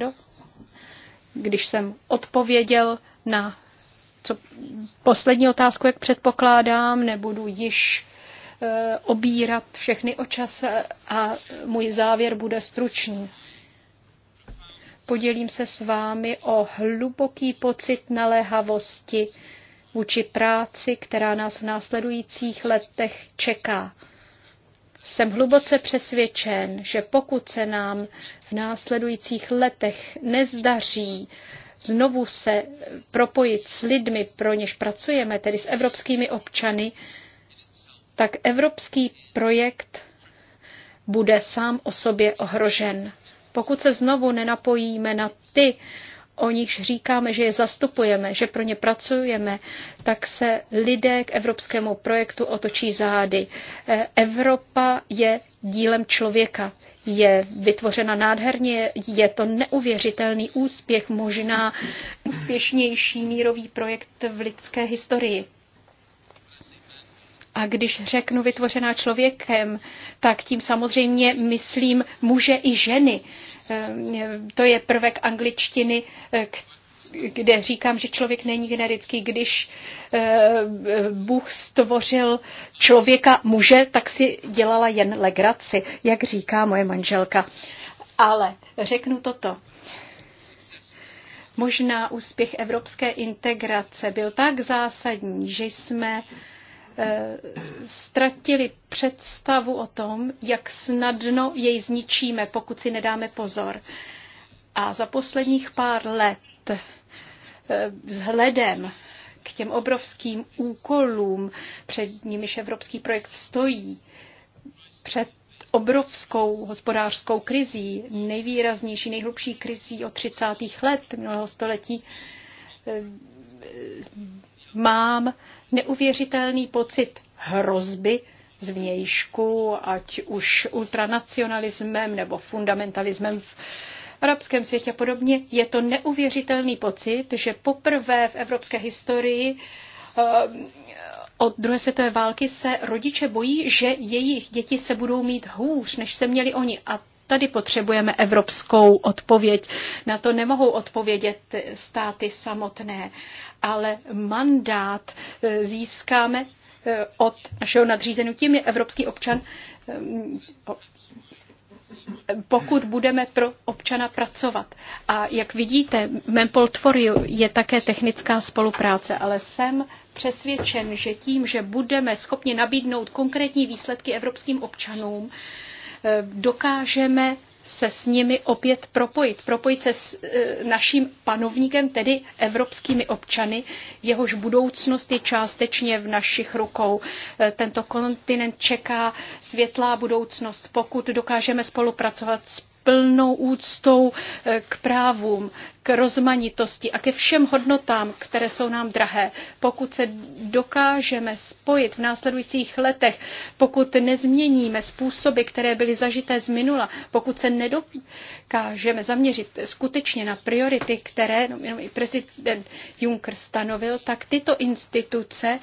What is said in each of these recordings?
někdo, když jsem odpověděl na co, poslední otázku, jak předpokládám, nebudu již e, obírat všechny o čas a můj závěr bude stručný. Podělím se s vámi o hluboký pocit naléhavosti vůči práci, která nás v následujících letech čeká. Jsem hluboce přesvědčen, že pokud se nám v následujících letech nezdaří znovu se propojit s lidmi, pro něž pracujeme, tedy s evropskými občany, tak evropský projekt bude sám o sobě ohrožen. Pokud se znovu nenapojíme na ty, o nichž říkáme, že je zastupujeme, že pro ně pracujeme, tak se lidé k evropskému projektu otočí zády. E, Evropa je dílem člověka je vytvořena nádherně, je to neuvěřitelný úspěch, možná úspěšnější mírový projekt v lidské historii. A když řeknu vytvořená člověkem, tak tím samozřejmě myslím muže i ženy. Ehm, to je prvek angličtiny, eh, kde říkám, že člověk není generický. Když eh, Bůh stvořil člověka muže, tak si dělala jen legraci, jak říká moje manželka. Ale řeknu toto. Možná úspěch evropské integrace byl tak zásadní, že jsme Eh, ztratili představu o tom, jak snadno jej zničíme, pokud si nedáme pozor. A za posledních pár let eh, vzhledem k těm obrovským úkolům, před nimiž evropský projekt stojí, před obrovskou hospodářskou krizí, nejvýraznější, nejhlubší krizí od 30. let minulého století, eh, mám neuvěřitelný pocit hrozby z vnějšku, ať už ultranacionalismem nebo fundamentalismem v arabském světě a podobně. Je to neuvěřitelný pocit, že poprvé v evropské historii eh, od druhé světové války se rodiče bojí, že jejich děti se budou mít hůř, než se měli oni. A Tady potřebujeme evropskou odpověď. Na to nemohou odpovědět státy samotné, ale mandát eh, získáme eh, od našeho nadřízenu. Tím je evropský občan eh, pokud budeme pro občana pracovat. A jak vidíte, v je také technická spolupráce, ale jsem přesvědčen, že tím, že budeme schopni nabídnout konkrétní výsledky evropským občanům, Eh, dokážeme se s nimi opět propojit. Propojit se s eh, naším panovníkem, tedy evropskými občany, jehož budoucnost je částečně v našich rukou. Eh, tento kontinent čeká světlá budoucnost, pokud dokážeme spolupracovat s plnou úctou eh, k právům, k rozmanitosti a ke všem hodnotám, které jsou nám drahé. Pokud se dokážeme spojit v následujících letech, pokud nezměníme způsoby, které byly zažité z minula, pokud se nedokážeme zaměřit skutečně na priority, které no, jenom i prezident Juncker stanovil, tak tyto instituce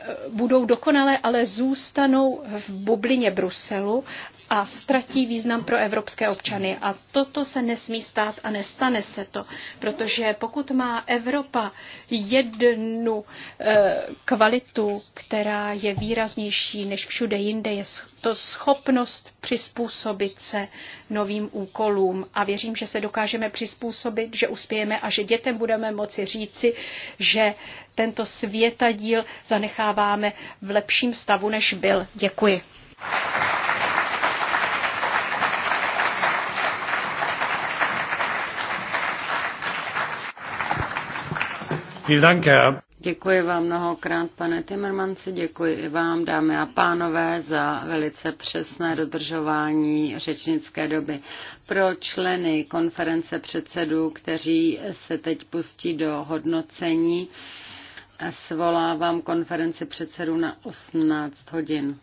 eh, budou dokonalé, ale zůstanou v bublině Bruselu a ztratí význam pro evropské občany. A toto se nesmí stát a nestane se to, protože pokud má Evropa jednu eh, kvalitu, která je výraznější než všude jinde, je to schopnost přizpůsobit se novým úkolům. A věřím, že se dokážeme přizpůsobit, že uspějeme a že dětem budeme moci říci, že tento světadíl zanecháváme v lepším stavu, než byl. Děkuji. Děkuji vám mnohokrát, pane Timmermansi, děkuji i vám, dámy a pánové, za velice přesné dodržování řečnické doby. Pro členy konference předsedů, kteří se teď pustí do hodnocení, svolávám konferenci předsedů na 18 hodin.